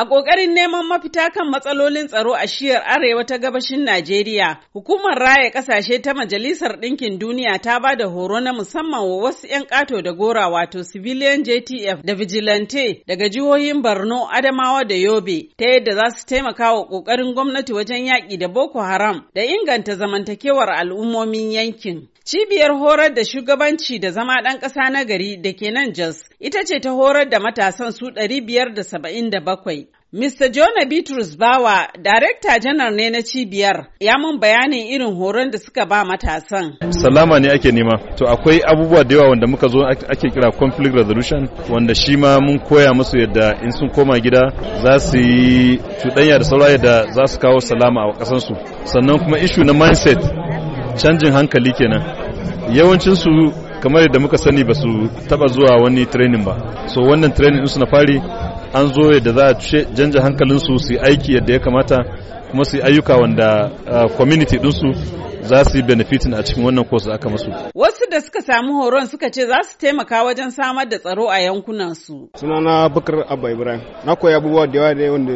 A ƙoƙarin neman mafita kan matsalolin tsaro a shiyar arewa ta gabashin Najeriya, hukumar raya ƙasashe ta Majalisar Ɗinkin Duniya ta ba da horo na musamman wa wasu 'yan ƙato da gora wato civilian JTF da vigilante daga jihohin Borno, Adamawa da Yobe ta yadda za su taimaka wa ƙoƙarin gwamnati wajen yaƙi da Boko Haram da inganta zamantakewar al'ummomin yankin. Cibiyar horar da shugabanci da zama ɗan ƙasa na gari da ke nan Jos ita ce ta horar da matasan su ɗari biyar da da bakwai. Mr. Jona Bitrus Bawa, Darekta Janar ne na cibiyar, ya mun bayanin irin horon da suka ba matasan. Salama ne ake nema. To akwai abubuwa da yawa wanda muka zo ake kira conflict resolution wanda shi ma mun koya musu yadda in sun koma gida za su yi cuɗanya da saura yadda za su kawo salama a ƙasansu. Sannan kuma ishu na mindset canjin hankali kenan. Yawancinsu kamar yadda muka sani ba su taɓa zuwa wani training ba. So wannan training su na fari an zo yadda za a janja hankalinsu su yi aiki yadda ya kamata kuma su yi ayyuka wanda ah, community ɗinsu za su yi benefitin a cikin wannan kosa aka masu. Wasu da suka samu horon suka ce za su taimaka wajen samar da tsaro a yankunan su. Sunana Bukar Abba Ibrahim. Na koyi abubuwa da yawa da wanda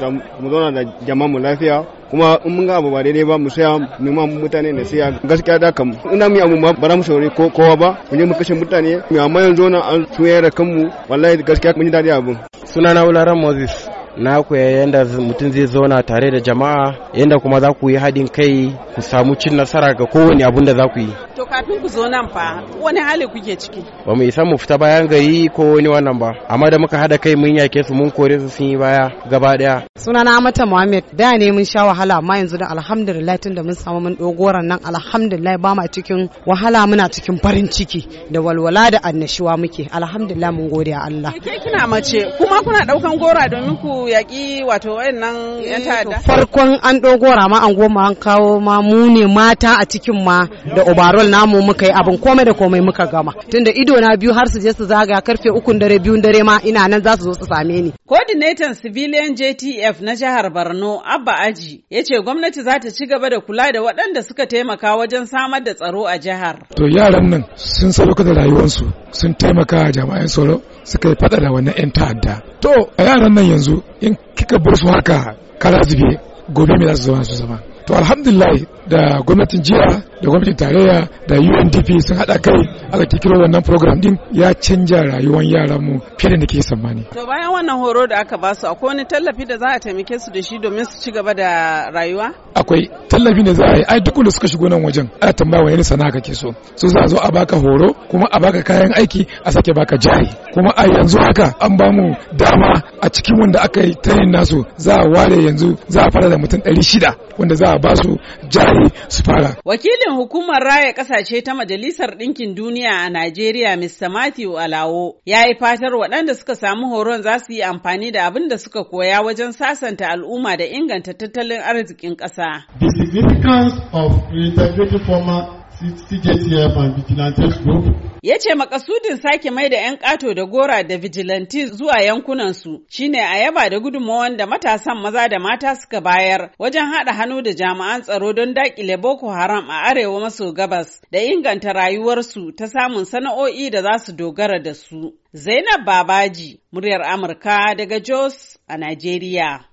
da mu zauna da jama'a mu lafiya kuma in mun ga abu ba daidai ba mu saya mu mutane na siya gaskiya da kam ina mu abu ba mu saurari ko kowa ba mu je mu kashe mutane amma yanzu na an tsuyar da kanmu wallahi gaskiya mun ji daɗi abin. Sunana Ularan Moses. na koya yadda mutum zai zauna tare da jama'a yadda kuma za ku yi haɗin kai ku samu cin nasara ga kowane abun da za ku yi to kafin ku zo nan fa wani hali kuke ciki ba mu isa mu fita bayan gari ko wani wannan ba amma da muka haɗa kai mun yake su mun kore su sun yi baya gaba ɗaya sunana Amata muhammed da ne mun sha wahala amma yanzu da alhamdulillah tun da mun samu mun dogoran nan alhamdulillah ba ma cikin wahala muna cikin farin ciki da walwala da annashuwa muke alhamdulillah mun gode a Allah kina mace kuma kuna daukan gora domin ku su yaƙi wato nan yan eh, ta'adda farkon an dogora ma an goma an kawo ma mu ne mata a cikin ma da obarol namu muka yi abin komai da komai muka gama tunda ido na biyu har su je su zaga karfe ukun dare biyun dare ma ina nan za su zo su same ni coordinator civilian JTF na jihar Borno Abba Aji ya ce gwamnati za ta ci gaba da kula da waɗanda suka taimaka wajen samar da tsaro a jihar to yaran nan sun sadaukar da rayuwarsu sun taimaka jama'an tsaro suka yi fada da wannan 'yan ta'adda to a yaran nan yanzu in kika bar su haka kara zube gobe me za su zama su zama to alhamdulillah da gwamnatin jiya da gwamnatin tarayya da UNDP sun haɗa kai aka kikiro wannan program din ya canja rayuwar yaran mu fiye da nake tsammani. To bayan wannan horo da aka ba su akwai wani tallafi da za a taimake su da shi domin su ci gaba da rayuwa? Akwai tallafi ne za a yi ai duk wanda suka shigo nan wajen ana tambaya wani sana'a kake so. So za a zo a baka horo kuma a baka kayan aiki a sake baka jari kuma a yanzu haka an ba mu dama a cikin wanda aka yi tarin nasu za a ware yanzu za a fara da mutum ɗari shida wanda za a ba su jari su fara. Wakilin Wakilin hukumar raya kasashe ta Majalisar Ɗinkin Duniya a Najeriya, Mr. Matthew Alawo, ya yi fatar waɗanda suka samu horon za su yi amfani da abin da suka koya wajen sasanta al'umma da inganta tattalin arzikin ƙasa. The significance of integrated formal CJTF and Ya ce makasudin sake mai da 'yan ƙato da gora da vigilanti zuwa yankunansu shine a yaba da gudunmawar da matasan maza da mata suka bayar wajen haɗa hannu da jami'an tsaro don daƙile Boko Haram a arewa maso gabas da inganta rayuwarsu ta samun sana'o'i da za su dogara da su. Zainab Babaji, muryar Amurka daga Jos a Najeriya.